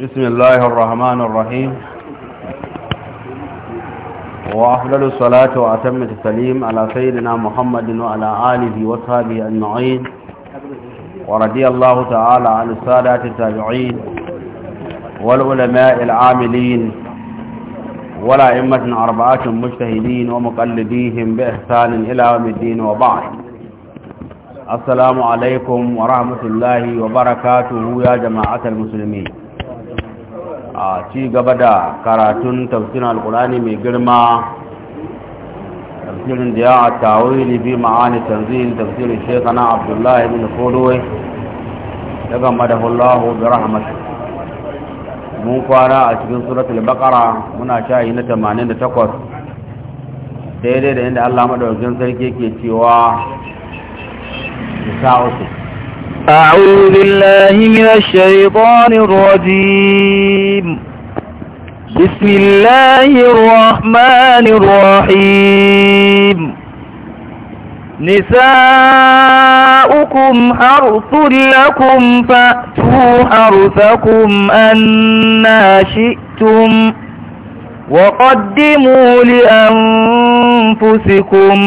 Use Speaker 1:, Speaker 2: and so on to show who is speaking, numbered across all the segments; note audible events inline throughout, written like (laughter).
Speaker 1: بسم الله الرحمن الرحيم وأفضل الصلاة وأتم التسليم على سيدنا محمد وعلى آله وصحبه أجمعين ورضي الله تعالى عن السادة التابعين والعلماء العاملين ولا أئمة أربعة مجتهدين ومقلديهم بإحسان إلى يوم الدين وبعد alaikum السلام عليكم wa الله وبركاته يا Musulmi.
Speaker 2: A ci gaba da karatun tafsirin alkulani mai girma tafsirin da ya a tawili bi ma'ani
Speaker 1: tanzil tafsirin shekana abdullahi bin kodowai daga bi rahmatu mun kwana a cikin suratul baqara muna shayi na 88 daidai da inda Allah wajen sarki ke cewa أعوذ بالله من الشيطان
Speaker 3: الرجيم بسم الله الرحمن الرحيم نساؤكم حرث لكم فأتوا حرثكم أنا شئتم وقدموا لأنفسكم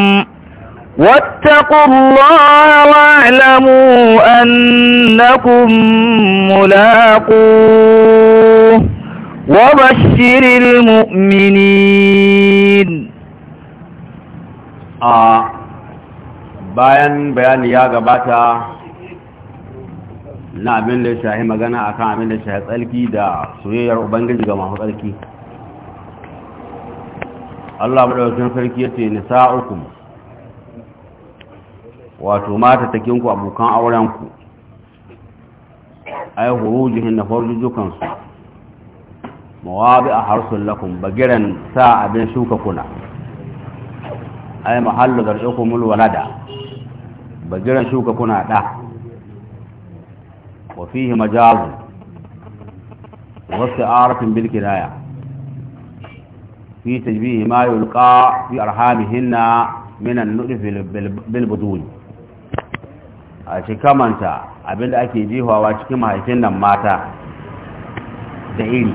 Speaker 3: واتقوا الله واعلموا أنكم ملاقوه وبشر المؤمنين
Speaker 1: bayan bayani ya gabata na abin da shahi magana akan abin da shahi tsarki da soyayyar ubangiji ga masu tsarki Allah madaukakin sarki yace nisa'ukum wato mata takinku abokan aurenku ay hurujihin na farjujukansu mawabi a harsun lakun bagiran sa abin shuka kuna ay mahallu zar'ikumul walada bagiran shuka kuna da wa fihi majazun wasu arafin bilkidaya fi tajbihi ma yulqa fi arhamihinna min an-nudfi bil a ci kamanta abinda ake jihawa cikin mahaifin nan mata da iri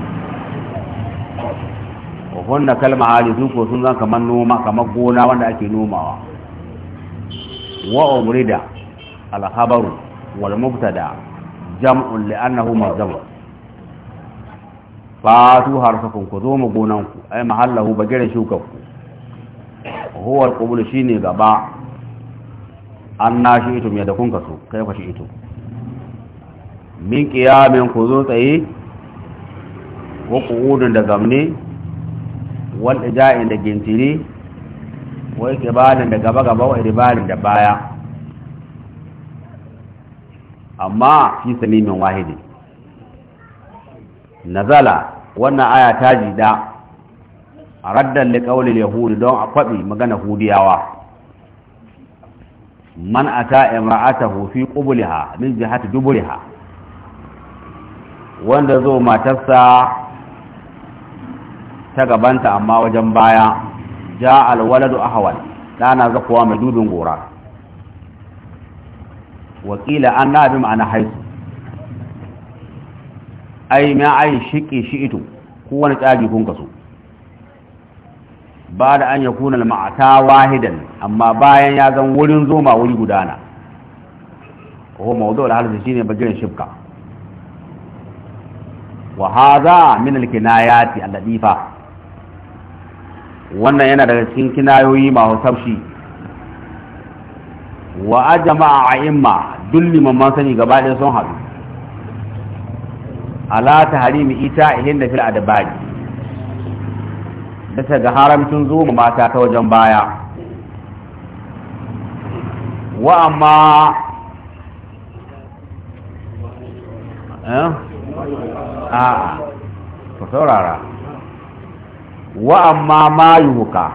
Speaker 1: wanda kalma hali su sun zan kamar noma kamar gona wanda ake nomawa wa umrida alhabaru wal mubtada jam'un li annahu mazam fatu harfakum ku zo mu gonan ku ai mahallahu bagire shukan ku huwa alqubul shine gaba an na shi ito mai da kun kaso kai fa shi ito min kiyamin ku zo tsaye wa ƙudun da gamne wanda ja'in da gintiri wa kibalin da gaba gaba wa ribalin da baya amma fi salimin wahidi nazala wannan aya ta jida a raddalle liƙaunin yahudu don a kwaɓi magana hudiyawa man ata imra'atahu fi qubliha min jihati duburiha wanda zo matarsa ta gabanta amma wajen baya ja alwaladu ahwal dana zakuwa mai dudun gora wakila an na bi ma'ana haisu ai ma ai shiki shi ito ko wani kun kaso ba da an ya kuna ma'ata wahidan amma bayan ya zan wurin zoma wuri gudana ko mawdu al-halzi shine bagirin shifka wa hadha min al-kinayati al wannan yana daga cikin kinayoyi masu sabshi wa ajma'a a'imma dulli man sani gaba ɗaya sun haɗu ala tahrimi ita ihin da fil adabari bisa ga haramcin zuwa mata ta wajen baya wa amma eh? a ku saurara wa amma ma yuhuka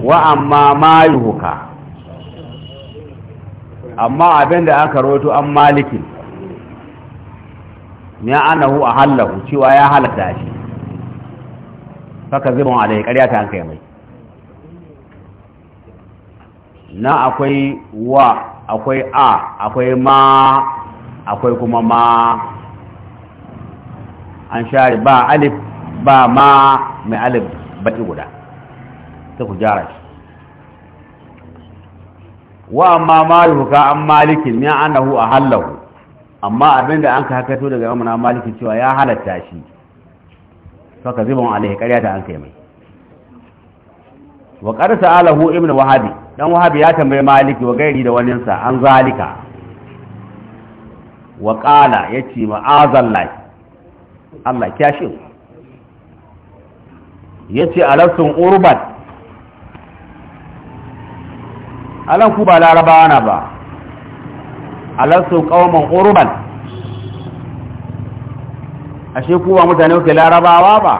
Speaker 1: wa amma ma yuhuka amma abinda aka roto an malikin ya anahu a hallahu cewa ya halatta shi faka wa alaihi ƙarya ta hankali mai na akwai wa akwai a akwai ma akwai kuma ma an share ba alif ba ma mai alif baki guda ta ku jara shi wa amma malikuka an malikin ya annahu a hallahu amma abinda an ka hakato daga na malikin cewa ya halatta shi faka zibon alaihi ƙarya ta an kai mai wa ƙarsa alahu ibnu wahabi dan wahabi ya tambaye maliki wa gairi da wani sa an zalika wa qala yace ma'azallahi Allah kyashin yace alasun urbat alan ku ba larabawa na ba alasun qauman urban ashe ku ba mutane kuke larabawa ba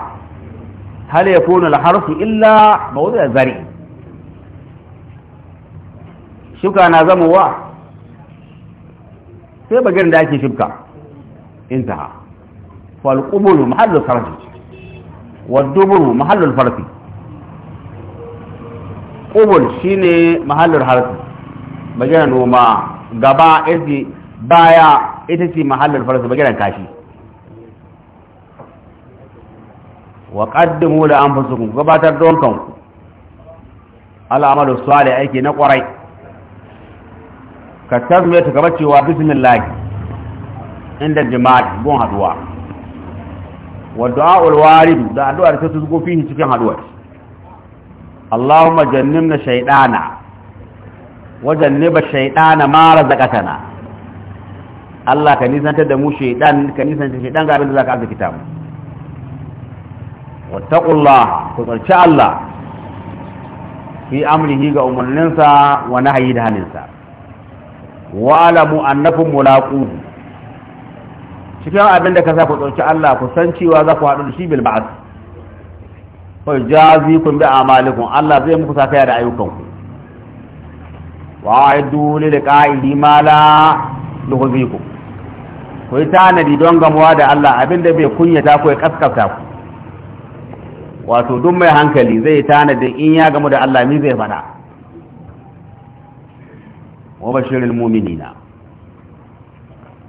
Speaker 1: hal ya al-harfu illa mawdu' zari shuka na zama wa sai bagirin da ake shuka intaha fal qubulu mahallu sarfi wad duburu mahallu farfi qubul shine mahallu harfi bagirin noma gaba yaji baya ita ce mahallin farfi bagiran kashi wa qaddimu la anfusukum gabatar don kanku al'amalu salih aiki na kwarai ka tazmiya ta gaba cewa bismillah inda jima'i gon haduwa wa du'a'ul warid da addu'a da ta tsugo fihi cikin haduwa Allahumma jannibna shaytana wa janniba shaytana ma razaqatana Allah ka nisantar da mu shaytan ka nisantar shaytan ga abin da zaka azkita mu Ku واتقوا الله تقرشاء amrihi ga umarninsa wa ننسى ونهي دها ننسى وعلموا أنكم ملاقوه cikin abin da ka sa ku ɗauki Allah ku san cewa za ku haɗu da shi bil ba'd fa jazi kun bi amalikum Allah zai muku sakaya da ayyukan ku. wa aidu lil qa'idi ma la yuhzikum ku yi tanadi don gamuwa da Allah abin da bai kunyata ko ya kaskafta ku wato duk mai hankali zai tanadin in ya gamu da Allah mi zai fada wa bashirul mu'minina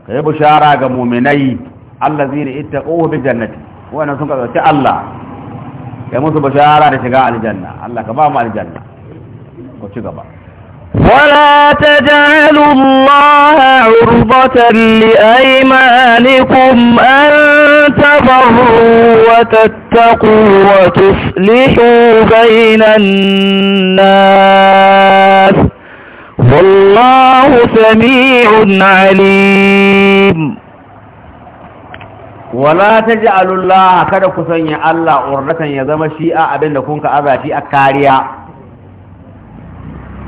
Speaker 1: kai bushara ga mu'minai allazina ittaquhu bi jannati wannan sun kaza Allah kai musu bashara da shiga aljanna Allah ka ba mu aljanna ku ci gaba ولا تجعلوا الله عرضة
Speaker 3: لأيمانكم أن تبروا وتتقوا وتفلحوا بين الناس
Speaker 1: والله سميع عليم ولا تجعلوا الله كدكسن يا الله عرضة يا زمشي أبنكم كأباتي أكاريا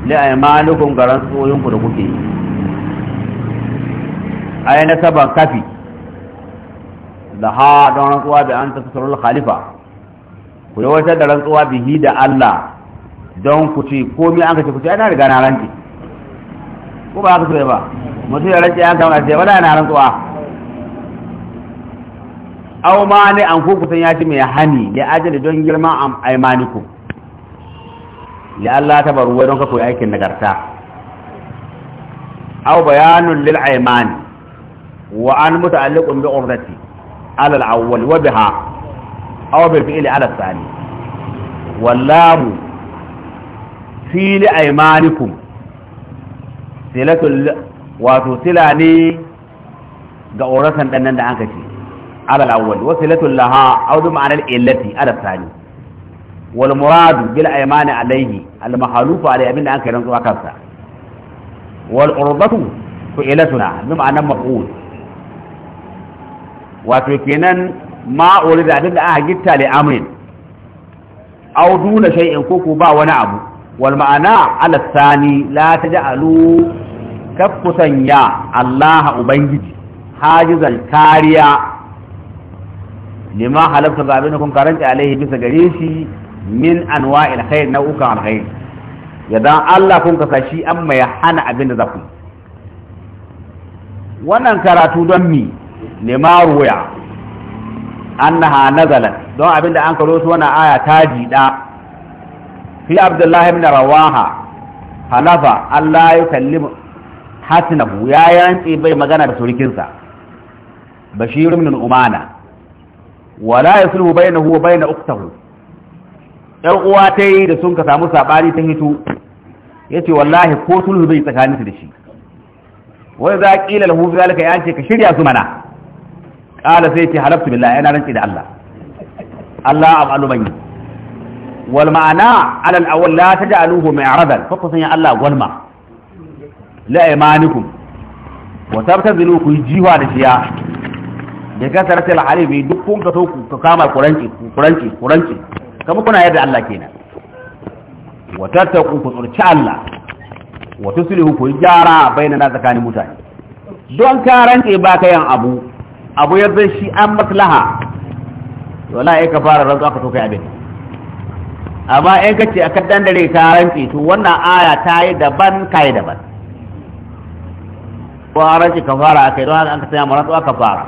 Speaker 1: a yi li'aimanukum garan tsoyinku da kuke yi ai nasaban kafi da ha don rantsuwa bi an tsarar khalifa ku yawatar da rantsuwa bihi da Allah don ku ce komai an kace ku ce ana riga na ranke ko ba ka so ba mutu ya ranke an kama ba da na rantsuwa aw ma ne an ku kusan ya ci mai hani ya ajali don girma yi aimanikum la'alla ta baru don ka koyi aikin nagarta aw bayanun lil ayman wa an muta'alliqun bi urdati ala al awwal wa biha aw bil fi'li ala al thani fi li wato sila ne ga uratan dan nan da an ma'anar illati ala wal muradu bil aymani alayhi al mahalufu alayhi abinda an kai rantsuwa kansa wal urbatu fi'latuna bi ma'anan maqul wato kenan ma urida abinda aka gitta li amrin aw duna shay'in ko ba wani abu wal ma'ana ala thani la taj'alu Allah ubangiji hajizal kariya lima halafta zaɓe na kun karanta bisa gare shi min anwa'il khair nau'ukan alkhair yadan Allah kun ka shi an ya hana abin da zaku wannan karatu don mi lima ruya annaha nazalat don abin da an karo su wannan aya ta jida fi abdullah ibn rawaha halafa Allah ya kallimu hasnahu ya yanci bai magana da surikinsa bashir ibn umana wala yasluhu bainahu wa bain yar uwa ta yi da sun ka samu sabani ta hito ce wallahi ko sulhu zai tsakanin su da shi Wani za qila lahu zalika ya ce ka shirya su mana qala sai ce halaftu billahi ina rantsi da Allah Allah abalu bani wal ma'ana ala al awwal la taj'aluhu mi'radan fa kusanya Allah gwalma la imanikum wa tabtazilu ku jiwa da shiya da kasaratul halibi duk kun ka to ku kama kuranci kuranci kuranci kamar kuna yadda Allah kenan wa tattaqu ku tsurci Allah wa tuslihu ku gyara bainana tsakanin mutane don ka ranke ba ka yan abu abu zai shi an maslaha wala ai ka fara rantsu aka to kai abin amma in ce aka dandare ka ke. to wannan aya ta yi daban yi daban ko ranke ka fara yi don an ka tsaya mu rantsu aka fara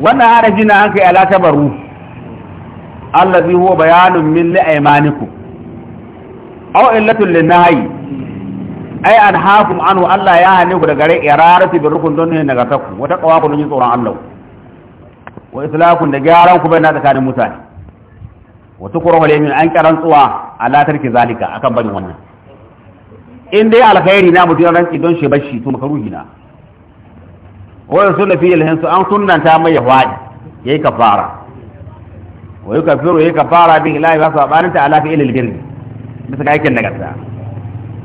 Speaker 1: wannan arajin na an kai ala tabaru allazi huwa bayanun min li'aymanikum aw illatul linahi ai an hakum anhu Allah ya hane ku daga rai irarati bi rukun don ne daga takku wata kawa ku don tsoron Allah wa islaku da gyaran ku bai na tsakanin mutane wa tukuru min an karan tsuwa ala tarki zalika akan bani wannan in dai alkhairi na mutum ranki don shi bashi to makaruhi na wa yusulla fi alhinsu an sunnanta mai ya yayi kafara wa yi kafiru ya kafara bin ilahi ba su abanin ta alafi ilil birni bisa ga aikin nagarta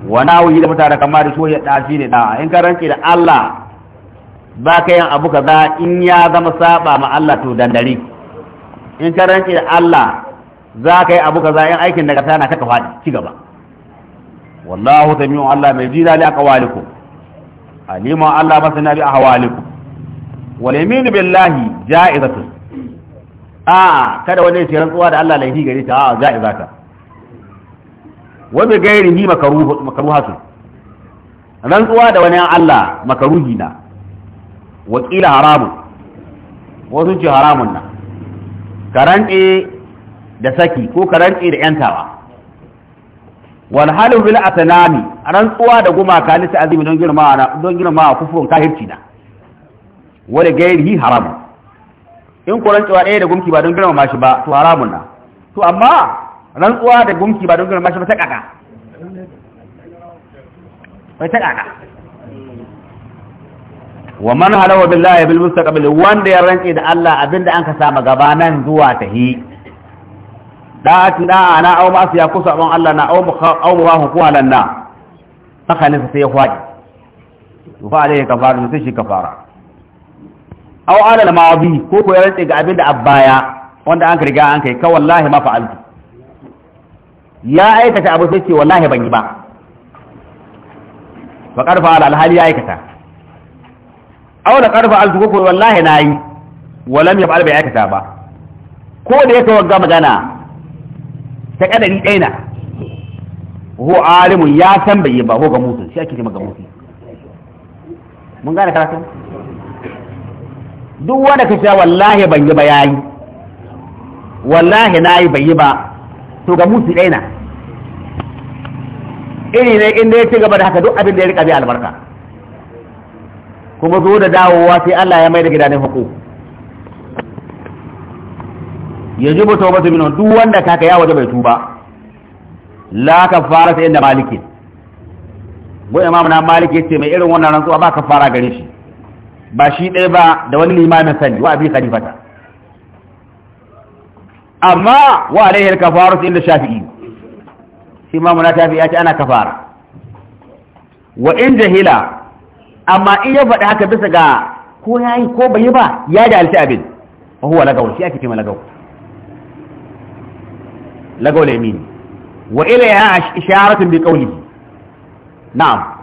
Speaker 1: wa na wuyi da mutane kama da shoyi da ne da in ka ranke da Allah ba ka yin abu kaza in ya zama saba ma Allah to dandare in ka ranke da Allah za ka yi abu kaza in aikin nagarta na kaka faɗi ci gaba wallahu samiu Allah mai jira li aqwalikum alimu Allah masana bi ahwalikum wal billahi ja'izatun a kada wani ya ce rantsuwa da Allah laifi gare ta a za'i zaka wa bi ghairihi makruh makruhatu rantsuwa da wani Allah makaruhi na wa qila haramun wasu ce haramun na karante da saki ko karante da yantawa wal halu bil ran rantsuwa da gumaka lissa azimi don girma don girma kufurun kafirci na wa gairi haramun in ku rantsuwa ɗaya da gumki ba don girmama shi ba to haramun na to amma rantsuwa da gumki ba don girmama shi ba ta kaka bai ta kaka wa man halawa billahi bil mustaqbil wanda ya rantsi da Allah abinda an ka sama gaba nan zuwa tahi da'ati da'a na au masu ya kusa don Allah na au au muwahu ko halanna haka ne sai ya kwaji to fa alai kafara sai shi kafara aw ala al maadi ko ko ya ga abinda da abbaya wanda an riga an kai ka wallahi ma fa'altu ya aikata abu sai ce wallahi ban yi ba wa qarfa ala alhali ya aikata aw la qarfa al ko wallahi nayi ya yaf'al bai aikata ba ko da yake wanga magana ta kadari daina hu alimun ya tambaye ba ko ga mutum shi ake ce ga mun gane karatu duk wanda ka cewa wallahi ban yi ba yi, wallahi na yi bai yi ba to ga musu ɗaya na iri ne inda ya ci gaba da haka duk abin da ya rika bi albarka kuma zo da dawowa sai Allah ya mai da gidanin hako ya ji mutu wata minon duk wanda kaka ya waje bai tuba la ka fara sai inda maliki go imam na maliki ce mai irin wannan rantsuwa ba ka fara gare shi ba shi ɗaya ba da wani limamin sani wa abi khalifata amma wa alaihi al-kafaru inda shafi'i shi ma muna tafi ya ce ana kafara wa in jahila amma in ya faɗi haka bisa ga ko yayi ko bai ba ya da alti abin fa huwa lagaw shi ake cewa lagaw lagaw lamin wa ila ya isharatun bi qawlihi na'am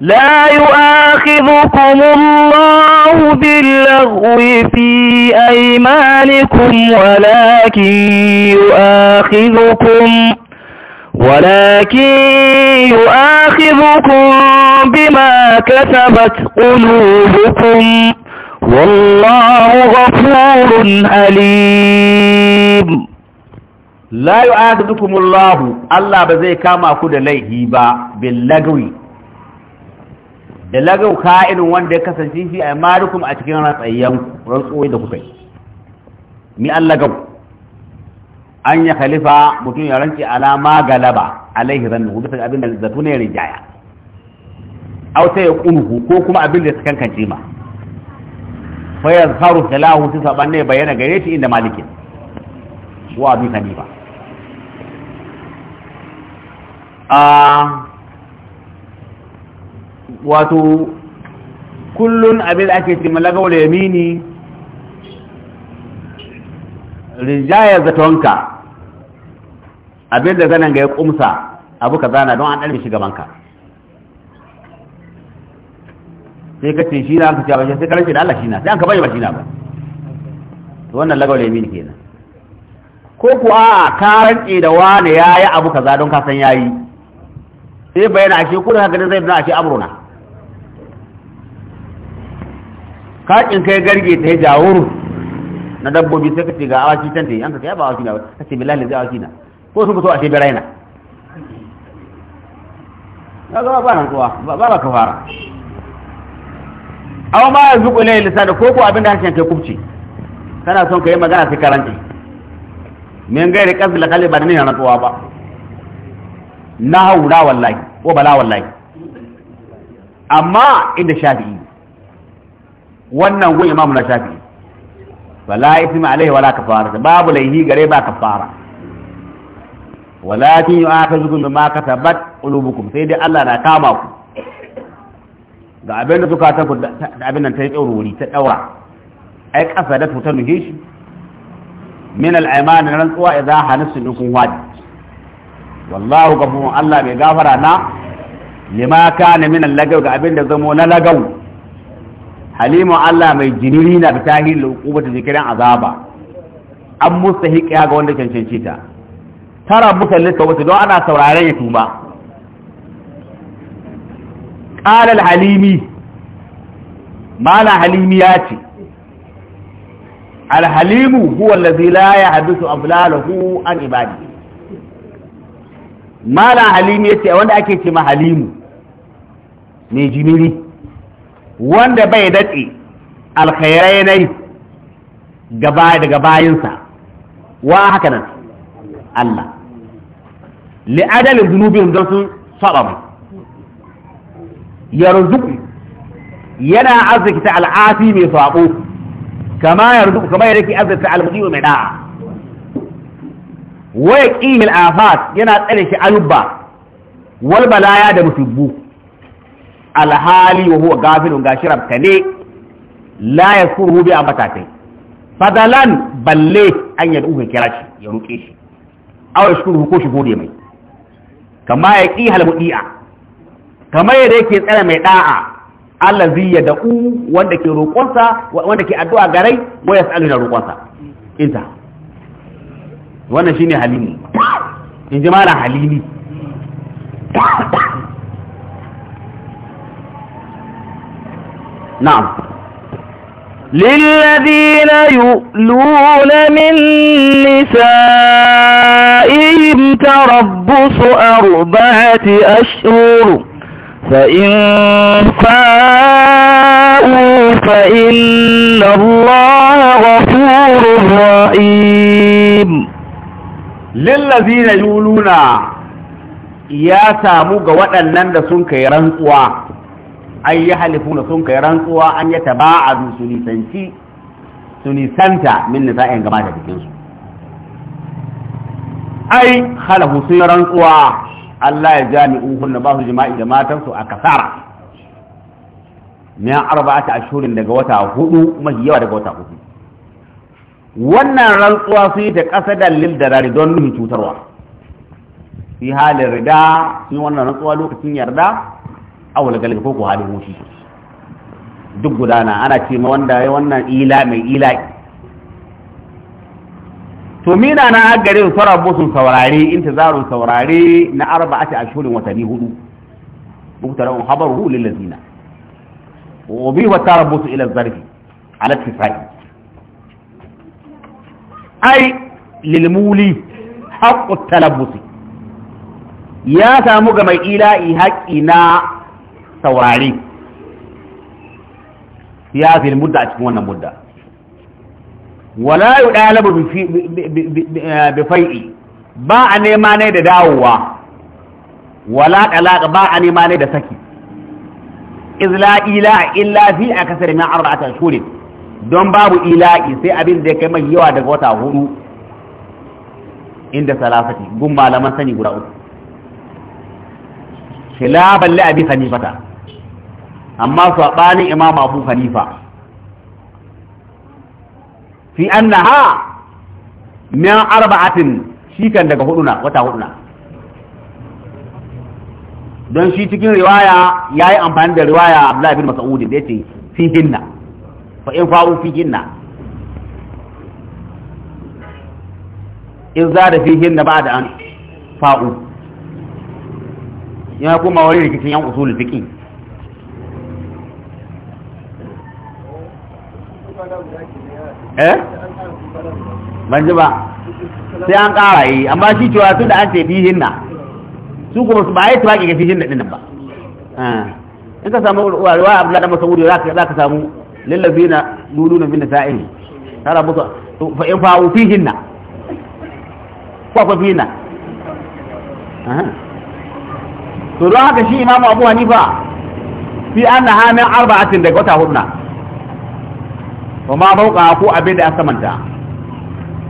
Speaker 1: لا يؤاخذكم
Speaker 3: الله باللغو في أيمانكم ولكن يؤاخذكم ولكن يؤاخذكم بما كسبت
Speaker 1: قلوبكم والله غفور حليم لا يؤاخذكم الله الله بزي كما كود ليه با باللغو da lagau ka'inin wanda ya kasance shi a marukum a cikin ratsayyan rantsuwai da kuka yi mi an lagau an ya khalifa mutum ya rance alama galaba alaihi zannu bisa abin da zato ne rijaya aw sai kunhu ko kuma abin da ya kankance ma fa yazharu salahu su saban ne bayyana gare shi inda malikin wa abi hanifa a ah, wato kullun abin da ake ce malagawar yamini rinjayar zatonka abin da zanen ga ya kumsa abu ka zana don an ɗarfe shi gabanka sai ka ce shi na an ka ce bashi sai karshe da Allah shi na sai an ka bai bashi shi na ba wannan lagawar yamini kenan ko kuwa ka rantse da wani yi abu kaza don kasan ya yi. sai bayyana ake kuna haka da zai na ashe amurna kakin kai garge ta ya jawuru na dabbobi sai ce ga awaki can ta an ka kai ba awaki na ce billahi zai awaki na ko sun fito ashe ya zama ba nan kuwa ba ba ka fara aw ma yazuqu ya lissa ko koko abinda hakan kai kubci kana son ka yi magana sai karanci min gairi qazla da ba ne na kuwa ba na haura wallahi ko bala wallahi amma inda shafi'i wannan gun imamu na shafi'i wala ithma alaihi wala kafara babu laihi gare ba kafara walakin yu'akhidhukum bima katabat qulubukum sai dai Allah na kama ku ga abin da suka san ku da abin nan ta yi tsaurori ta daura ai kasa da tutar nuhishi min al-aymani ran tsuwa idza hanisu kun wadi wallahu gafurun Allah bai gafara na lima kana min lagaw ga abinda zamo na lagaw halimu Allah mai jiniri na ta bitahil uqubati zikirin azaba an mustahiqi ga wanda cancanci ta tara musallin tawbati don ana sauraren ya tuba qala al-halimi mala halimi ya ce al-halimu huwa allazi la yahdusu aflalahu an ibadi malam halimu ya ce wanda ake ce ma halimu mai jimiri wanda bai datse alkhairai nai gaba daga bayansa wa haka nan Allah li'adalin zunubin don sun saba mai yarzuku yana arziki ta al'afi mai sabo kama yarzuku kama yake arziki ta al'afi mai da'a wa ƙimil afat yana tsare shi alubba wal balaya da musibbu alhali wa huwa gafilun gashi rabtane la yasuruhu bi abatatai fadalan balle an yadu ka kira shi ya ruke shi aw yashkuru ko shi gode mai kama ya ƙi halmudi'a kama yadda yake tsare mai da'a zai ya da'u wanda ke roƙonsa wanda ke addu'a garai wa yas'alu na roƙonsa inta wannan شيني halimu in ji حليمي
Speaker 3: نعم للذين يؤلون من نسائهم تربص أربعة أشهر فإن فاءوا فإن الله غفور رحيم
Speaker 1: Lillazi na yuluna ya samu ga waɗannan da sun kai rantsuwa an yi halifuna sun kai rantsuwa an yi taba'adu su nisanci su nisanta min nisa'in gaba da jikinsu ai halahu sun yi rantsuwa Allah ya jami'u hunna ba su jima'i da matansu a kasara min arba'ata ashhurin daga wata hudu mafi yawa daga wata hudu wannan rantsuwa su yi ta ƙasa dalil da rari don nuhin cutarwa fi halin rida sun wannan rantsuwa lokacin yarda awul galibi ko ko halin hushi duk gudana ana ce ma wanda ya wannan ila mai ila to mina na agare su sarabo sun saurare intizarun saurare na a ashhurin watanni hudu muktarun habaru lil ladina wa bi rabu tarabusu ila zarfi ala tifa'i ai lilmuli haƙƙu talabbusi ya samu ga mai ila'i haƙƙi na saurari ya fi mudda a cikin wannan mudda wala yi ɗalabu bifai'i ba a nema ne da dawowa wala ɗalaka ba a nema ne da saki izla ila illa fi a kasar min arba'ata shurin don babu ila'i sai abin da ya kai mai yawa daga wata hudu inda salafati gun malaman sani guda uku khilaban li abi hanifata amma sabanin imam abu hanifa fi annaha min arba'atin shi kan daga huduna wata huduna don shi cikin riwaya yayi amfani da riwaya Abdullah bin Mas'ud da yace fi hinna fa in fa'u hinna in zada fihinna ba da an fa'u ya kuma wani rikicin yan usul fiqi eh ban ji ba sai an kara yi amma shi cewa tun da an ce fihin na su kuma su ba ya tuwaƙi ga fihin na ɗin ba eh. in ka samu ruwa abu da masu wuri za ka samu lillazina luluna min nisa'in tara buka fa in fa'u fihinna ko fa fihinna to don haka shi imamu abu hanifa fi anna ha min arba'atin daga wata hudna kuma ma fauqa ko abin da ya samanta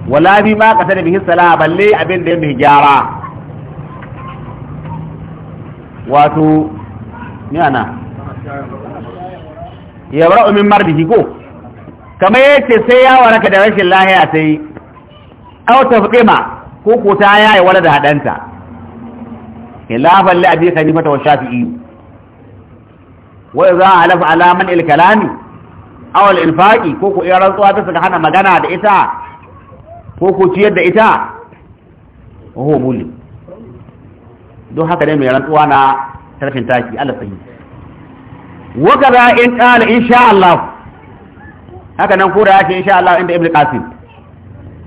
Speaker 1: wala bi ma qatara bihi sala balle abin da ya bi gyara wato ni ana ya bara umin mardihi ko kamar yace sai ya waraka da rashin lahiya ta yi aw tafqima ko ko ta yaye wala da hadanta khilafan li abi hanifa wa shafi'i wa idza halafa ala man al kalami aw al infaqi ko ko ya rantsuwa ta saka hana magana da ita ko ko ciyar da ita oho muli don haka ne mai rantsuwa na tarfin taki Allah sai wakaza in qala insha Allah haka nan kura yake insha Allah inda Ibn Qasim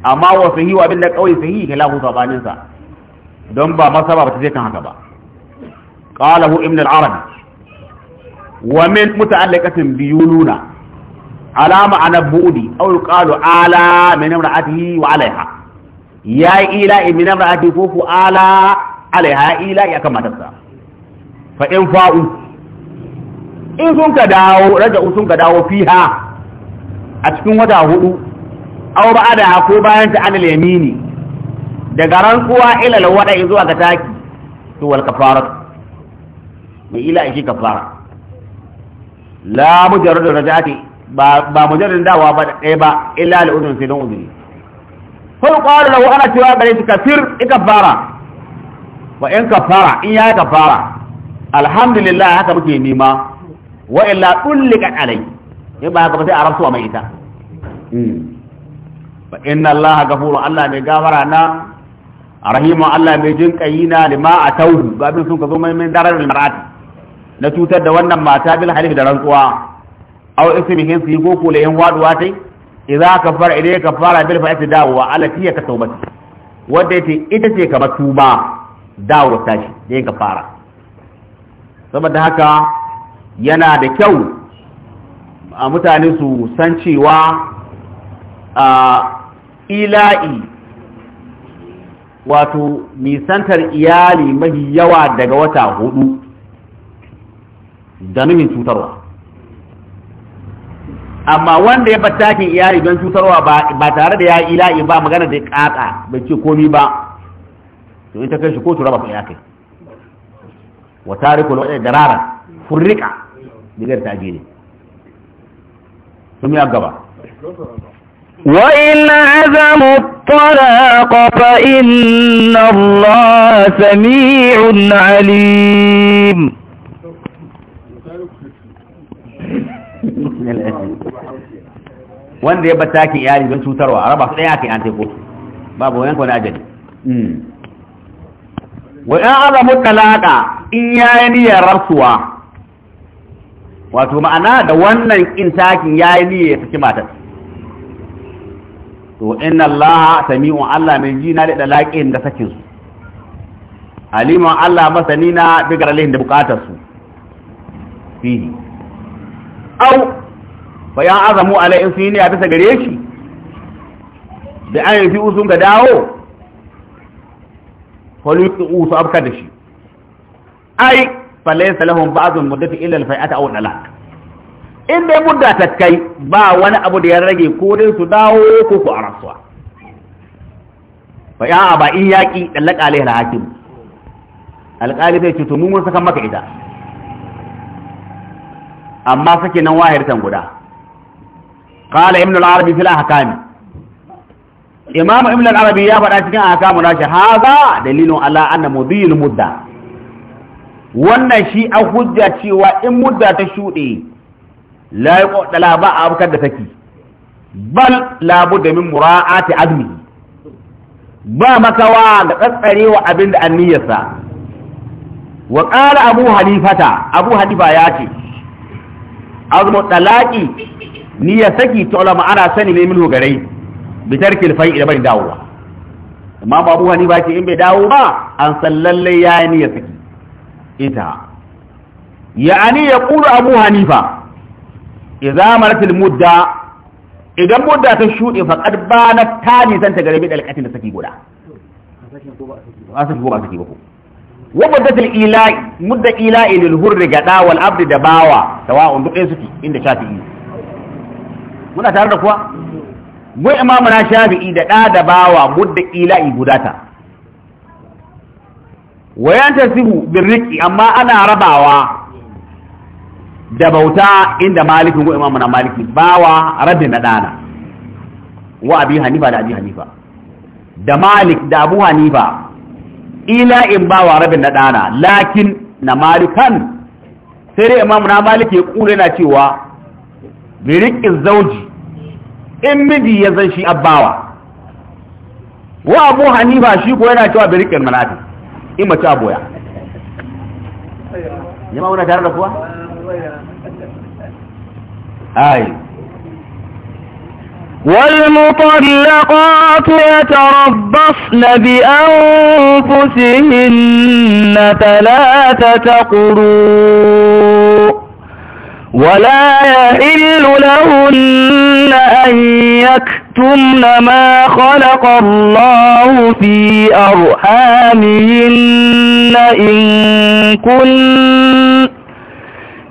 Speaker 1: amma wa sahihi wa bil qawi sahihi lahu sabanin sa don ba masa ba ta je kan haka ba qala hu Ibn al-Arabi wa min muta'alliqatin bi yununa ala ma'ana bu'di aw yuqalu ala min imra'atihi wa alaiha, ya ila min imra'atihi ko ala 'alayha ila ya kamatarsa fa in fa'u in sun ka dawo raja sun ka dawo fiha a cikin wata hudu aw ba'ada ko bayan ta anil yamini daga rantsuwa ila lawada zuwa ga taki to wal kafara mai ila shi kafara la mujarrad rajati ba ba mujarrad dawa ba dai ba illa al udun sai don udun fa qala lahu ana cewa gare shi kafir ikafara wa in kafara in ya kafara alhamdulillah haka muke nima wa illa ulliqat alai in ba haka ba sai a rantsuwa mai ita hmm. fa inna allaha ghafuru allah mai gafara na rahimu allah mai jin kayina lima atauhu babin sun ka zo mai min darar marati na cutar da wannan mata bil halif da rantsuwa aw ismihin su ko ko layin waduwa tai idza kafara fara ya kafara bil fa'ati dawowa ka ya katawmati wanda ita ce kamar tuba dawo tashi da ya kafara saboda haka yana da kyau a mutane su san cewa a ila'i wato nisantar iyali mahi yawa daga wata hudu da nufin cutarwa amma wanda ya takin iyali don cutarwa ba tare da ya ila'i ba magana da kaka bai ce komi ba to in ta kai shi ko turaba ba ya kai wa tarikul wa'i dararan furrika bigar tajiri sun ya gaba وإن عزموا
Speaker 3: الطلاق فإن الله سميع
Speaker 1: عليم wanda ya bata ki don cutarwa a raba su ɗaya ake an teku babu yanka wani ajali hmm. wa'yan azamu in niyyar wato ma'ana da wannan ƙin takin yi niyya ya saki matar to inna Allah sami'un Allah mai ji na da laƙin da sakin su aliman Allah masani na bigar alihin da bukatar su fihi au bayan azamu alai in a bisa gare shi da an yi usun ga dawo falu su abka da shi ai falaysa lahum ba'dun muddati illa al-fai'ata aw dalak in dai mudda ta kai ba wani abu da ya rage ko dai su dawo ko ku arasuwa fa ya ba in yaki dalaka alaihi al-hakim alqali bai cutu mun saka maka ita amma sake nan wahirtan guda qala ibn al-arabi fil ahkami imam ibn al-arabi ya faɗa cikin ahkamu nashi haza dalilun ala anna mudhil mudda wannan shi a hujja cewa in mudda ta shuɗe la ba a abkar da saki bal labu da min mura'ati azmi ba makawa ga tsatsarewa abin da anniyarsa wa ƙara abu halifata abu halifa ya ce azmu talaqi niyya saki ana sani ne min garai bi tarkil fai'i bai dawowa amma abu halifa ce in bai dawo ba an lallai ya niyya saki ita ya'ani ya kulu abu hanifa idza maratil mudda idan mudda ta shude fa ba na tani san ta garbi dalqatin da saki guda a saki ko ba saki ba ko wa muddatul ila'i mudda ila'i lil hurri gada wal abdi da bawa sawa'un duk suke inda shafi'i muna tare da kuwa mu imamu na shafi'i da da da bawa mudda ila'i gudata wayan tasibu birriki amma ana rabawa da bauta inda malikin ko imamu na maliki bawa rabbi na dana wa abi hanifa da abi hanifa da malik da abu hanifa ila in bawa rabbi na dana lakin na malikan sai dai imamu na maliki ya na yana cewa birriki zauji in miji ya zan shi abawa. wa abu hanifa shi ko yana cewa birrikin manafi in mace aboya jama'a wani tare da kuwa ai والمطلقات
Speaker 3: يتربصن بأنفسهن ثلاثة قروء
Speaker 1: ولا يحل
Speaker 3: لهن أن يكفر يكتمن ما خلق الله في أرحامهن إن كن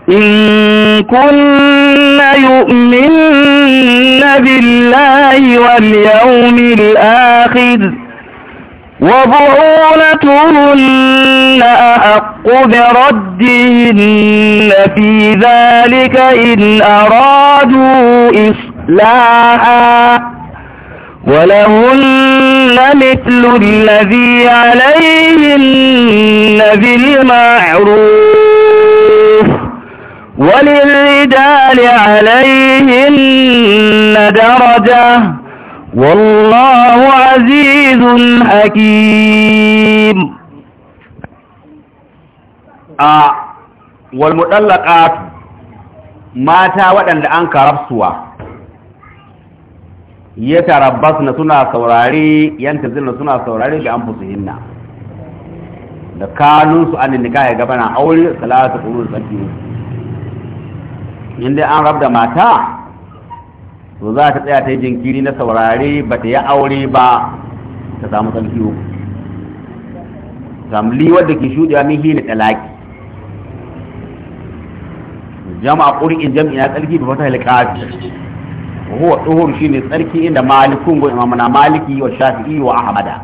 Speaker 3: إن كن يؤمن بالله واليوم الآخر وبعولتهن أحق بردهن في ذلك إن أرادوا إصلاحا ولهن مثل الذي عليهن بالمعروف وللرجال عليهن درجة والله عزيز
Speaker 1: حكيم آه والمطلقات mata waɗanda an karabsuwa ya tarabbas na suna saurare yanta zina suna saurare bi an hinna da kanun su an nika ya bana aure salatu kuru da tsaki inda an rabda mata to za ta tsaya ta yi jinkiri na saurare ba ta yi aure ba ta samu tsarki uku samli wadda ke shuɗewa min hina talaki jama'a ƙuri'in jam'i na tsarki ba fata halƙafi huwa tuhur shine tsarki inda malikun go imamuna maliki wa shafi'i wa ahmada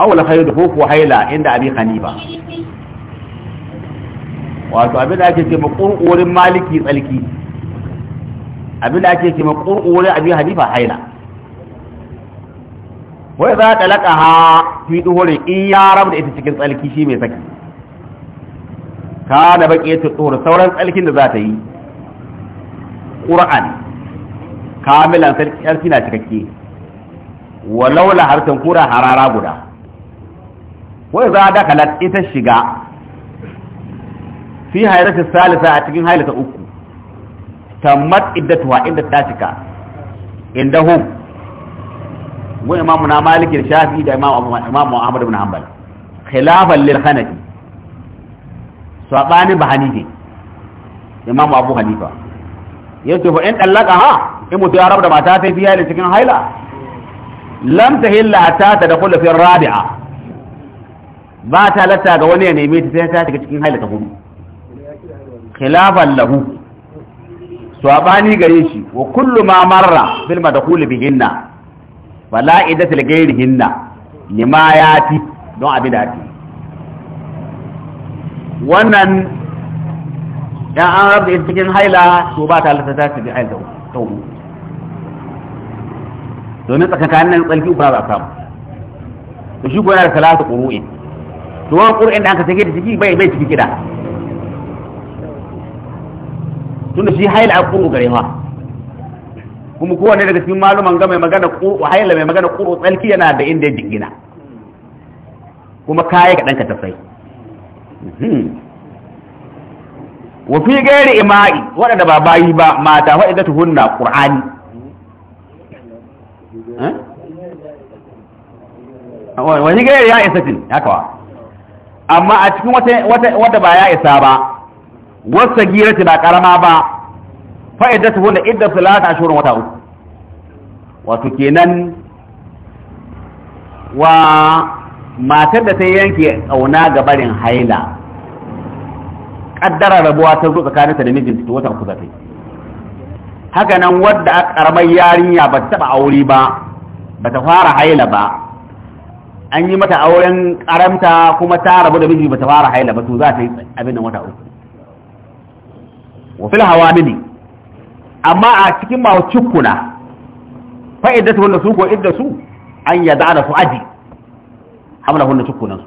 Speaker 1: aw la khayru ko ko haila inda abi hanifa wato abin da ake ce ma qur'urin maliki tsalki abin da ake ce ma qur'urin abi hanifa haila wai za ta laƙa ha fi duhurin in ya rabu da ita cikin tsalki shi mai saki ka da baƙi ya tuhur sauran tsalkin da za ta yi qur'an kamilan sarki na cikakke walau la harfin kura harara guda wai za da kalat ita shiga fi hayratu salisa a cikin haylata uku tammat iddatuha inda ta cika indahum wa imamu na malik shafi da imamu imamu ahmad ibn abu yace fa in dallaka ha in mutu ya rabu da mata ta biya ne cikin haila lam tahilla ta tadkhul fi rabi'a ba ta latta ga wani ya neme ta sai ta shiga cikin haila ta hudu khilafan lahu sabani gare shi wa kullu ma marra fil madkhul bihinna wala idata li ghairihinna lima yati don abidati wannan ya an rabu cikin haila to ba ta lissa ta bi haila ta wuce domin tsakankanin nan tsarki uku za a samu to shi ko yana da salatu ƙuru'in to wani ƙuru'in da aka sake da ciki bai bai ciki kiɗa da shi haila a ƙuru gare ma kuma kowane daga cikin maluman ga mai magana ƙuru haila mai magana ƙuru tsarki yana da inda ya jingina kuma kaya kaɗan ka tafai hmm. wa fi gairi ima'i waɗanda ba bayi ba mata wa idatu hunna qur'ani eh? wa fi gairi ya isa isatin haka wa amma a cikin wata wata ba ya isa ba wasa girati ba karama ba fa idatu hunna idda salata ashurun wata Wa wato kenan wa matar da ta yanke auna ga barin haila kaddara rabuwa ta zo tsakaninta da mijinta to wata uku za ta yi haka nan wadda a karamar yarinya ba ta taba aure ba ba ta fara haila ba an yi mata auren karamta kuma ta rabu da miji ba ta fara haila ba to za ta yi abin da wata uku wa fil mini. amma a cikin ma cikuna fa'idatu wanda su ko idda su an ya da su aji hamla hunna cikunan su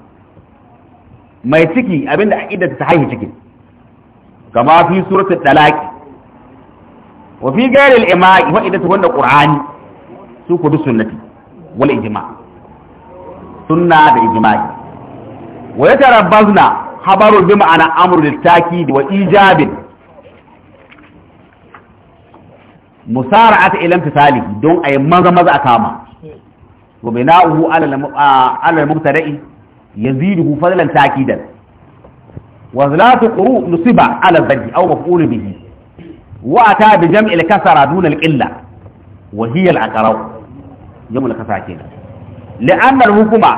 Speaker 1: mai ciki abinda a idda ta haihu cikin kama fi suratul talaqi wa fi ghairi al-ima'i wa idatu wanda qur'ani su ku sunnati wal ijma' sunna da ijma'i wa yatarabbazna habaru bi ma'ana amru litakid wa ijabin musara'at ila imtithali don ay maza maza a kama وثلاث قروء نصب على الذج أو مفعول به وأتى بجمع الكسرة دون القلة وهي العقراء جمع الكسرة كده لأن الحكومة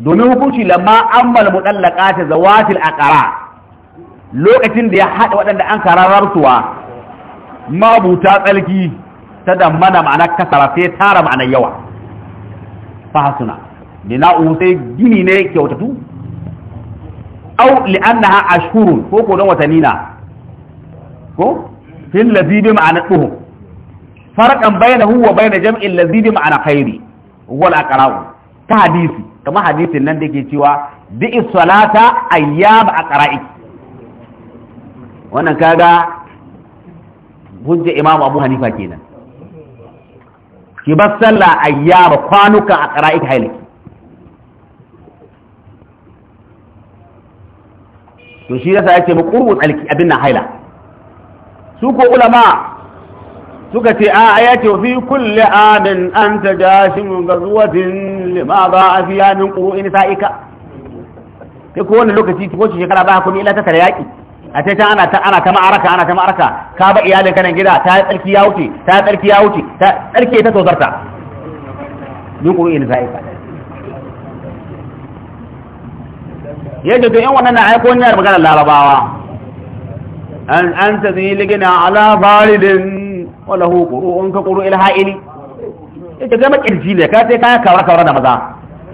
Speaker 1: domin hukunci lamma ammal mutallaka ta zawatil aqara lokacin da ya haɗa waɗanda an karararsuwa mabuta tsalki ta da mana ma'anar kasara sai tara ma'anar yawa fa hasuna bina'u sai gini ne kyautatu aw li'annaha ashhurun ko ko don watanni na ko fil ladhi bi ma'ana tuhum farqan bainahu wa bain jam'i alladhi bi ma'ana khairi wal aqra'u ta hadisi kama hadisin nan da ke cewa bi salata ayyam aqra'i wannan kaga hujja imam abu hanifa kenan ki bar sallah ayyama kwanuka aqra'i hailaki to shi yasa yake mu qurbu tsalki abin nan haila su ko ulama suka ce a ayati fi kulli amin anta jashimu gazuwatin lima ba afiya min qur'in sa'ika kai ko wani lokaci ko shekara ba ku ni ila ta tare yaki a ce can ana ta ana ta ma'araka ana ta ma'araka ka ba iyalin kanan gida ta tsarki ya wuce ta tsarki ya wuce ta tsarki ta tozarta min qur'in sa'ika yadda to in wannan na aiko wani yar magana larabawa an an ta zini ligina ala baridin wala hu in ka qur'u ila ha'ili yadda ga makirji ne ka sai kaya kawar kawar da maza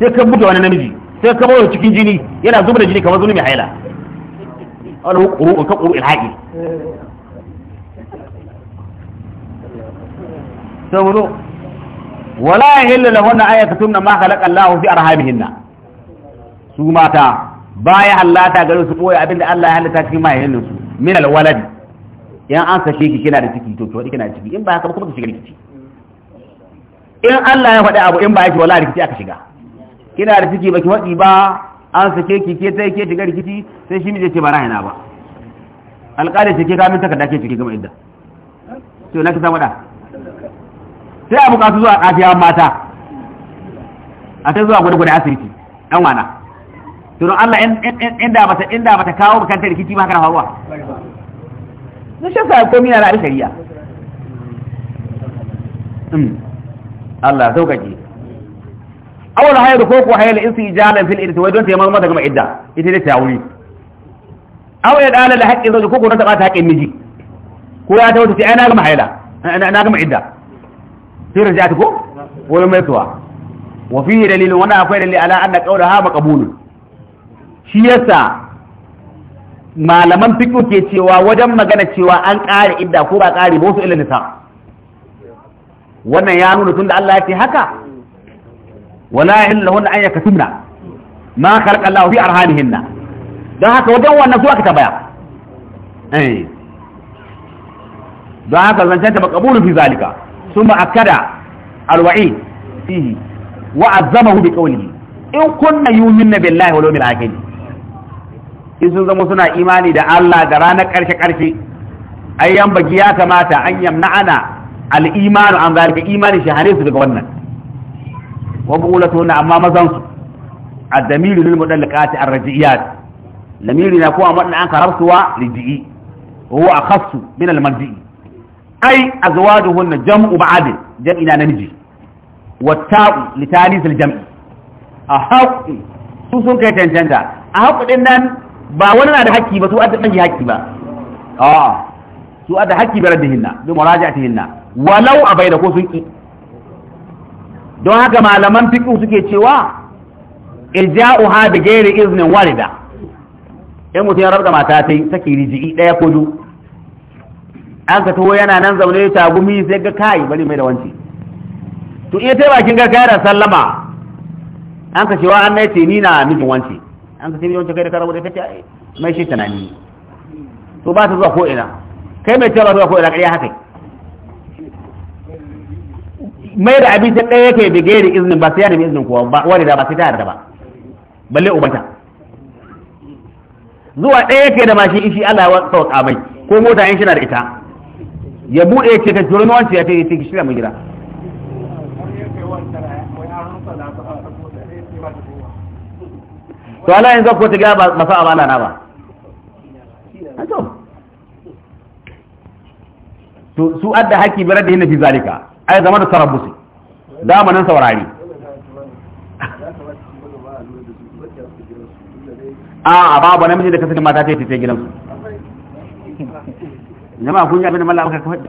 Speaker 1: sai ka buga wani namiji sai ka bawo cikin jini yana zuba da jini kamar zulmi haila wala hu in ka qur'u ila ha'ili saboda wala ya yahillu lahunna ayatu tunna ma khalaqa Allahu fi arhamihinna su mata baya ta gare su boye abinda Allah ya halitta cikin su min alwaladi yan an sake ki kina da ciki to ki kina da ciki in ba haka ba kuma ka shiga rikici in Allah ya faɗi abu in ba yake wallahi rikici aka shiga kina da ciki baki wadi ba an sake ki ke sai ke shiga rikici sai shi ne zai ce ba rahina ba alƙali ce ke ka min takarda ke ciki gama idda to na ka samu da sai ka su zuwa kafiya mata a ta zuwa gudu-gudu asirki ɗan wana don Allah inda bata inda bata kawo kanta rikici ba kana faruwa na shafa komai na da shari'a Allah sauƙaƙe awal hayar ko ko hayar isi ijalan fil irti wai don ta yamma mata gama idda ita ne ta wuri awal ya dala da haƙƙin zauji ko ko na taɓa ta haƙƙin miji ko ya ta wata ce ai na gama haila na gama idda sai rajata ko wani maituwa wa fihi dalilin wani akwai dalili ala anna qawlaha maqbulun shi yasa malaman fiqh ke cewa wajen magana cewa an ƙare idda ko ba ƙare ba su ilmi nisa wannan ya nuna tunda Allah ya ce haka wala illahun an yakatumna ma khalaqa Allah fi arhamihinna don haka wajen wannan su aka tabaya eh don haka zan ta makabulu fi zalika summa akada alwa'i fihi wa azzamahu bi qawlihi in kunna yu'minna billahi wal yawmil akhir in sun zama suna imani da Allah da ranar ƙarshe ƙarshe ayyan baki ya kamata an yamna'ana al-imanu an zalika imanin shahare su daga wannan wa bu'ulatuhunna amma mazan su ad-damiru lil mudallaqati ar-raj'iyat lamiri na ko amma an karabtuwa riji'i huwa akhassu min al-marji'i ai azwajuhunna jam'u ba'd jam'i na namiji wa ta'u li talith al-jam'i a su sun kai tantanta a haqqin nan ba wani na da haƙƙi ba su a ɗan haƙƙi ba a su da haƙƙi bi raddihinna ta hinna walau a bai da ko sun ki don haka malaman fiqh suke cewa irja'uha bi ghairi iznin walida in mutum ya rabga mata ta yi ta saki riji'i ɗaya ko du, an ka taho yana nan zaune ya tagumi sai ga kai bari mai da wanci to iya taimakin bakin da sallama an ka cewa an ce ni na mijin wanci an ka sai yawancin kai da karabu da kace mai shi tunani to ba ta zuwa ko'ina. kai mai cewa zuwa ko'ina kariya haka mai da abin sai ɗaya yake da gairi izinin ba sai ya nemi izinin kuwa ba wani da ba sai ta yarda ba balle ubata. zuwa ɗaya yake da mashi ishi Allah ya sauka mai ko mota yin shi na da ita ya buɗe ce ta turo wancan ya ce ya ce shirya mu gida
Speaker 2: to ala yanzu ko ta
Speaker 1: ga ba masa amana na ba to su adda haki bi radda fi zalika ai zama da tarabbusi da manan saurari (laughs) a babu namiji da kasance mata ce ta gidansu
Speaker 2: (laughs)
Speaker 1: jama'a kun yi abin da mallaka ka faɗi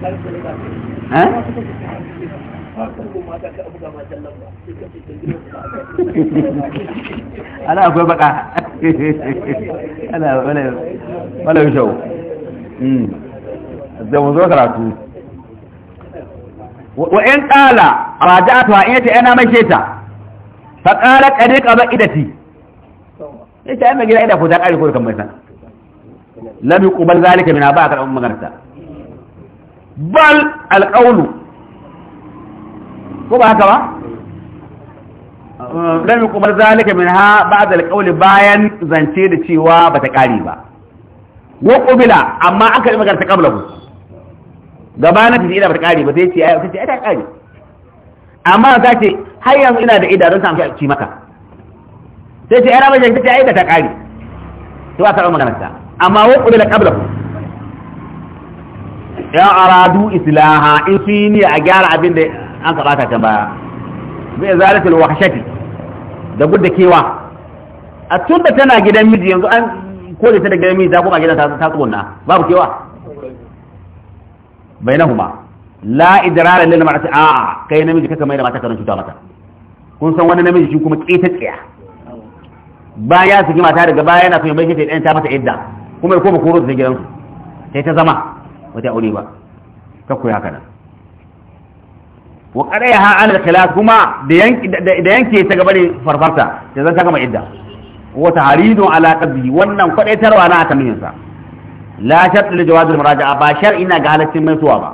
Speaker 1: (laughs) ana akwai baka ana wala shau hmm. da mu zo karatu wa in A raja'atuha in yace ana mai sheta fa qala qadi qaba idati yace ai mai gida ida ko da kare ko kan mai san lam yuqbal zalika min a ka magarta bal alƙaunu ko ba haka ba ɗan kuma zalika min ha ba da alƙauni bayan zance da cewa ba ta ƙari ba ko ƙubila amma an karɓi ta ƙabla ku gaba na tafi ina ba ta ƙari ba sai ce yi ta ƙari amma za ce har yanzu ina da idanun samun shi maka sai ce ai ramar ta ce ya yi ta ƙari to a karɓi maganarta. amma ko ƙubila ƙabla ku ya aradu islaha in su yi a gyara abin da an kaɓata can baya bai zalatul wahshati da gudda kewa a tun da tana gidan miji yanzu an da ta da gidan miji ta kuma gidan ta tsubunna babu kewa huma la idrara lil mar'ati a'a kai namiji kaka mai da mata karin cuta mata kun san wani namiji shi kuma kita tsaya baya su gima ta daga baya yana so ya mai shi ta ta mata idda kuma ya koma koro da gidansu sai ta zama ba ta aure ba ka koyi haka wa qaraya ha an al kuma da yanki yanke ta gaba da farfarta da zan ta gama idda wa tahridun ala wannan wannan tarwa na ta nuyin la shart da jawaz al-muraja'a ba shar'i na ga halaccin mai suwa ba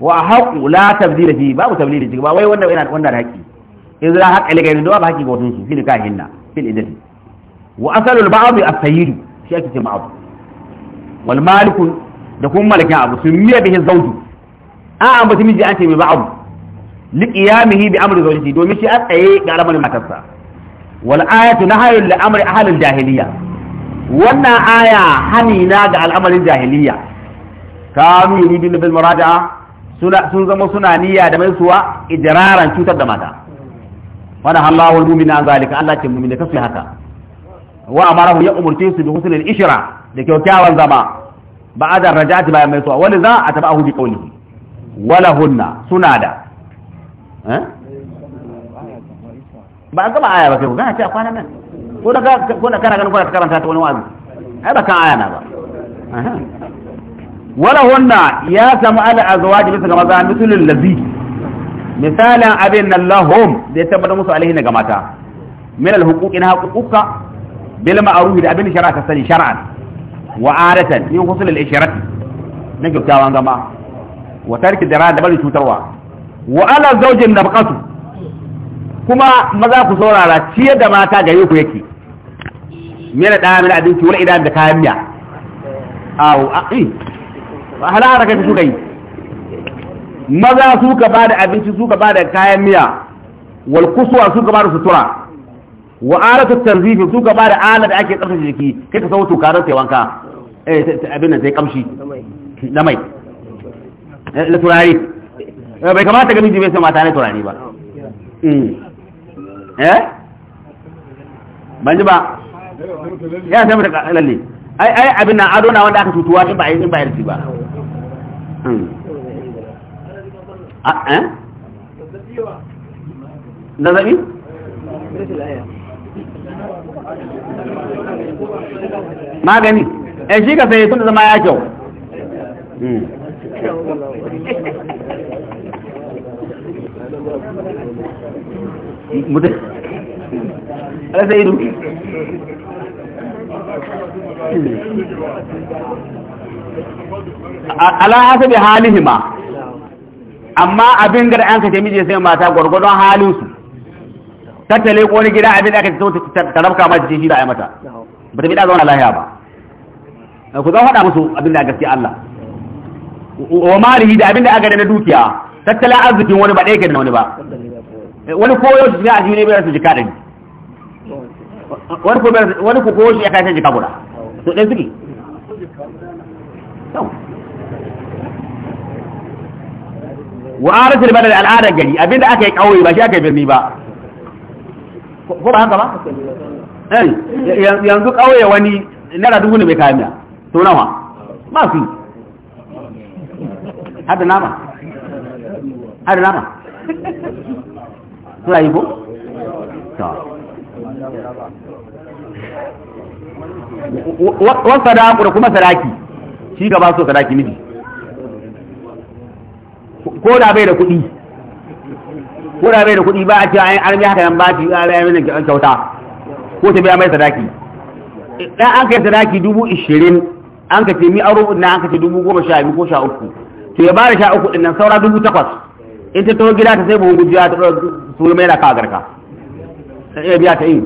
Speaker 1: wa haƙu la tabdil fi babu tabdil fi ba wai wanda yana wanda da haƙi in za haƙa ilga ne da ba haƙi ga wasu su fil kahinna fil idati wa asalul ba'd as-sayyid shi ake ce ma'abu wal malikun da kuma malakin abu sun miya bihi zauju an ambaci miji an ce mai ba'abu liqiyamihi bi amri zawjati domin shi a tsaye ga al'amarin matarsa wal ayatu nahayun li amri ahlil jahiliya wannan aya hani na ga al'amarin jahiliya kanu yuridun bil murada'a sun zama suna niyya da mai suwa ijiraran cutar da mata wani halawa mumin an zalika Allah ce mumin da kasu haka wa amarahu ya umurce su bi husnul ishra da kyakkyawan zama بعد الرجعة بعد ما يسوع ولذا أتبعه بقوله ولهن سنادا أه؟ ba gaba aya ba kai ko gana ce a kwana nan ko da ko da kana ganin ko da karanta ta wani wazi ai ba kan aya na ba wala hunna ya samu ala azwaji bisa ga maza misalul ladhi misalan abin lahum da ya tabbata musu alaihi ga mata min al huquqi na haquqa bil ma'ruf da abin shar'a ka sani shar'an wa adatan yin husul al-ishrat na kyautawan gama wa tarki dara da bari cutarwa wa ala zaujin nabqatu kuma maza ku saurara ciyar da mata ga ku yake mera da mera abinci wala idan da kayan miya aw wa eh, halara kai su kai maza su ka bada abinci su ka bada kayan miya wal kuswa su ka bada sutura wa alatu tanzifi su ka bada alat da ake tsaftace jiki kai ka sauto karar kai wanka Eh, abin nan sai kamshi na mai
Speaker 2: na
Speaker 1: eh, turare eh, bai kamata gami jibe sai mata na turare ba hmm. eh ban ba ya sai mata lalle ai ai abin nan ado wanda aka cutuwa in ba in ba yarda ba hmm. eh da zabi magani eh shi ka sai sun zama ya kyau
Speaker 2: ala hasabi halihima
Speaker 1: amma abin gar an kace miji sai mata gurgurdon halin su tattale ko ni gida abin da aka ta tarabka ma shi da ai mata ba ta bi da zauna lahiya ba ku zan faɗa musu abin da a gaske Allah wa malihi da abin da aka na dukiya tattalin arzikin wani ba ɗaya ke da wani ba wani koyo shi a jini ne bai su jika da ni, wani ku koyo shi ya kai sai jika guda to ɗan suke wa bada da al'adar gari abin da aka yi ƙauye ba shi aka yi birni ba ko ba haka ba eh, yanzu ƙauye wani nara dubu ne mai kayan miya Tunawa ba fi hada nama hada nama tura yi ko? ta da haƙura kuma sadaki shi gaba so sadaki miji ko da bai da kuɗi ko da bai da kuɗi ba a ce an armi haka nan ba ta yi ala kyauta ko ta biya mai sadaki ɗan an kai sadaki dubu ishirin an ka ce mi aro na an ka ce dubu goma sha biyu ko sha uku to ya bada sha uku din nan saura dubu takwas in ta taho gida ta sai buhun gujiya ta ɗora suru mai raka a garka ta iya biya ta yi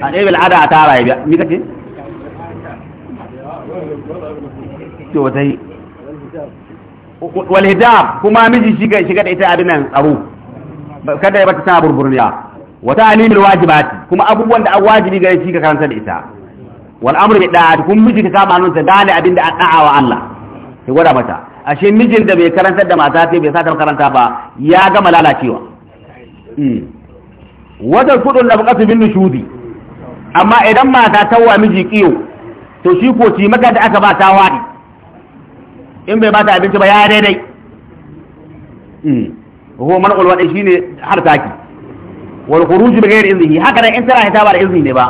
Speaker 1: a ɗaya ada a tara ya biya mi ka ce to ta yi wal hijab kuma miji shiga shiga da ita abin nan tsaro kada ya bata sana burburniya wata alimul wajibati kuma abubuwan da wajibi gare shi ka karanta da ita wal amru bi da'at kun miji ka kama nan gane abin abinda an da'a wa Allah sai gwada mata ashe mijin da bai karantar da mata sai bai sa ta karanta ba ya gama lalacewa hmm. wajen kudin da bukatu bin nushudi amma idan mata ta wa miji kiyo to shi ko ci maka da aka ba ta wadi in bai bata abinci ba ya daidai ko hmm. man ulwa shi ne har taki wal khuruj bi ghairi iznihi haka da in tana ta ba da izini ne ba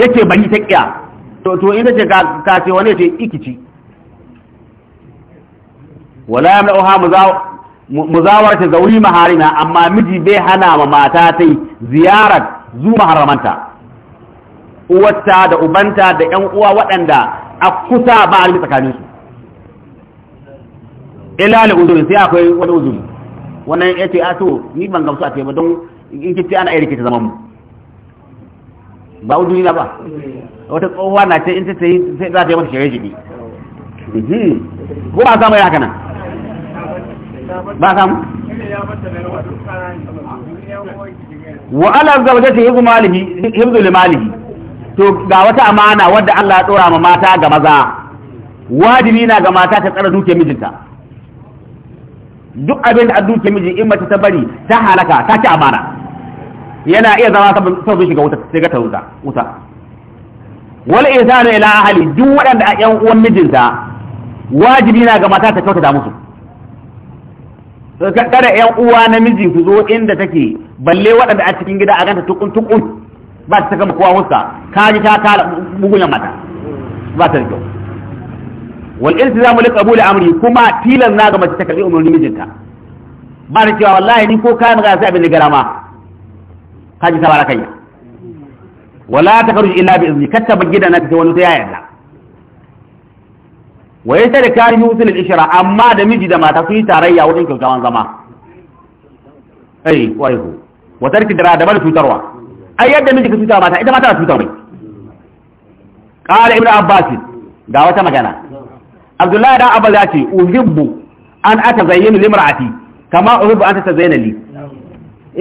Speaker 1: yace ta kiya to to ita ce ka ce wani ce ikici wala ya mu muzawar ta zauri maharina amma miji bai hana ma mata ta yi ziyarar zu maharamanta uwarta da ubanta da yan uwa waɗanda a kusa ba a tsakanin su ila da uzuri sai akwai wani uzuri wannan ya ce a to ni ban gamsu a ce ba don in kici ana aiki ta zaman mu ba wudu na ba wata tsohuwa na ce in ta sai sai za ta yi mata shirye jibi ko ba samu ya nan ba samu wa ala zawjati hibzu malihi hibzu malihi to ga wata amana wadda Allah ya tsora ma mata ga maza wajibi na ga mata ta tsara dukiyar mijinta duk abin da a dukiyar mijin in mace ta bari ta halaka ta ci amana yana iya zama sabon shiga wuta sai ga tauta wuta wal ihsanu ila ahli duk waɗanda a ƴan uwan mijinta wajibi na ga mata ta kyautata musu kada ƴan uwa na miji su zo inda take balle waɗanda a cikin gida a ganta tukun tukun ba ta gama kowa huska ka ji ta kala bugunan mata ba ta rike kyau wal iltizamu li qabuli amri kuma tilan na ga mace ta kalli umarni mijinta ba ta cewa wallahi ni ko kayan ga sai abin da garama kaji sabara kai? wala karu illa bi izni katta bagida na ta wani sai ya yarda wa yata da kari musul al amma da miji da mata su yi tarayya wajen kyakkyawan zama ai wai ko wa tarki dara da bar tutarwa ai yadda miji ka tutar mata ita mata ta tutar mai qala ibnu abbas ga wata magana abdullahi dan abba ya ce uhibbu an atazayyana limra'ati kama uhibbu an tatazayyana li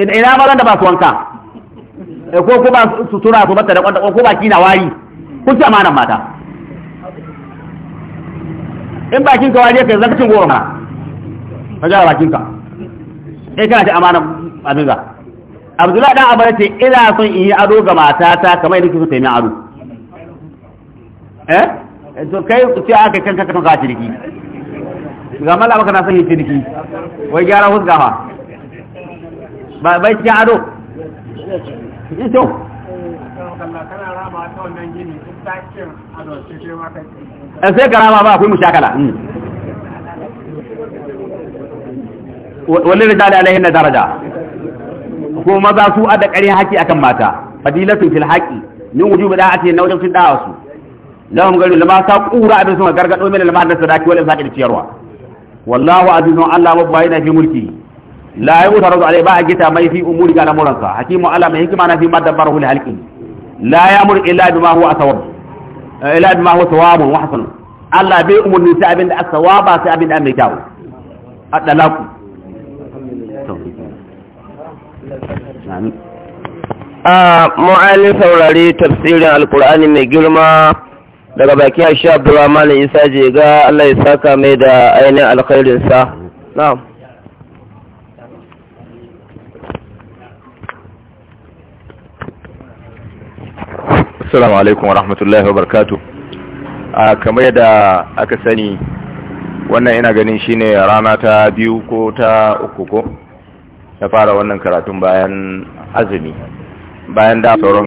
Speaker 2: ina ma da ba su wanka
Speaker 1: Eh, ko ko ba tura su mata da kwanta ko baki na wari kun ci amanan mata in bakin ka wari kai zaka cin goro ka ga bakin ka eh kana ci amanan abin ga Abdullahi dan abara ce ina son in yi ado ga matata kamar yadda kike so ado eh to kai ce aka kanka kan ka ciniki ga mallaka kana son yin ciniki wai gyara husgafa
Speaker 2: ba bai ci ado ito a eh, sai ka rama ba akwai mushakala wani rijali alaihin na daraja ko maza
Speaker 1: su a da ƙarin haƙi akan mata fadilatun fil haƙi min wujubi da'ati na wajen sun da'a su lahum garu lama sa qura abin sun gargado min lamar da sadaki wal infaqi da ciyarwa wallahu azizun allah mabayina fi mulki la yutaru alai ba a gita mai fi umuri ga lamuransa hakimu ala mai hikima na fi madabbaru li halqi la yamur illa bima huwa asawab eh, illa bima huwa sawabun wa hasan Allah bai umurni sai abin da asawaba sai abin da mai kyau adalaku mu'alin saurari tafsirin alkur'ani mai girma daga baki a sha abdurrahman isa jega Allah ya saka mai da ainihin alkhairinsa na'am Assalamu alaikum wa rahmatullahi wa barkatu. A kamar yadda aka sani wannan ina ganin shine rana ta biyu ko ta uku ko na fara wannan karatun bayan azumi bayan da sauran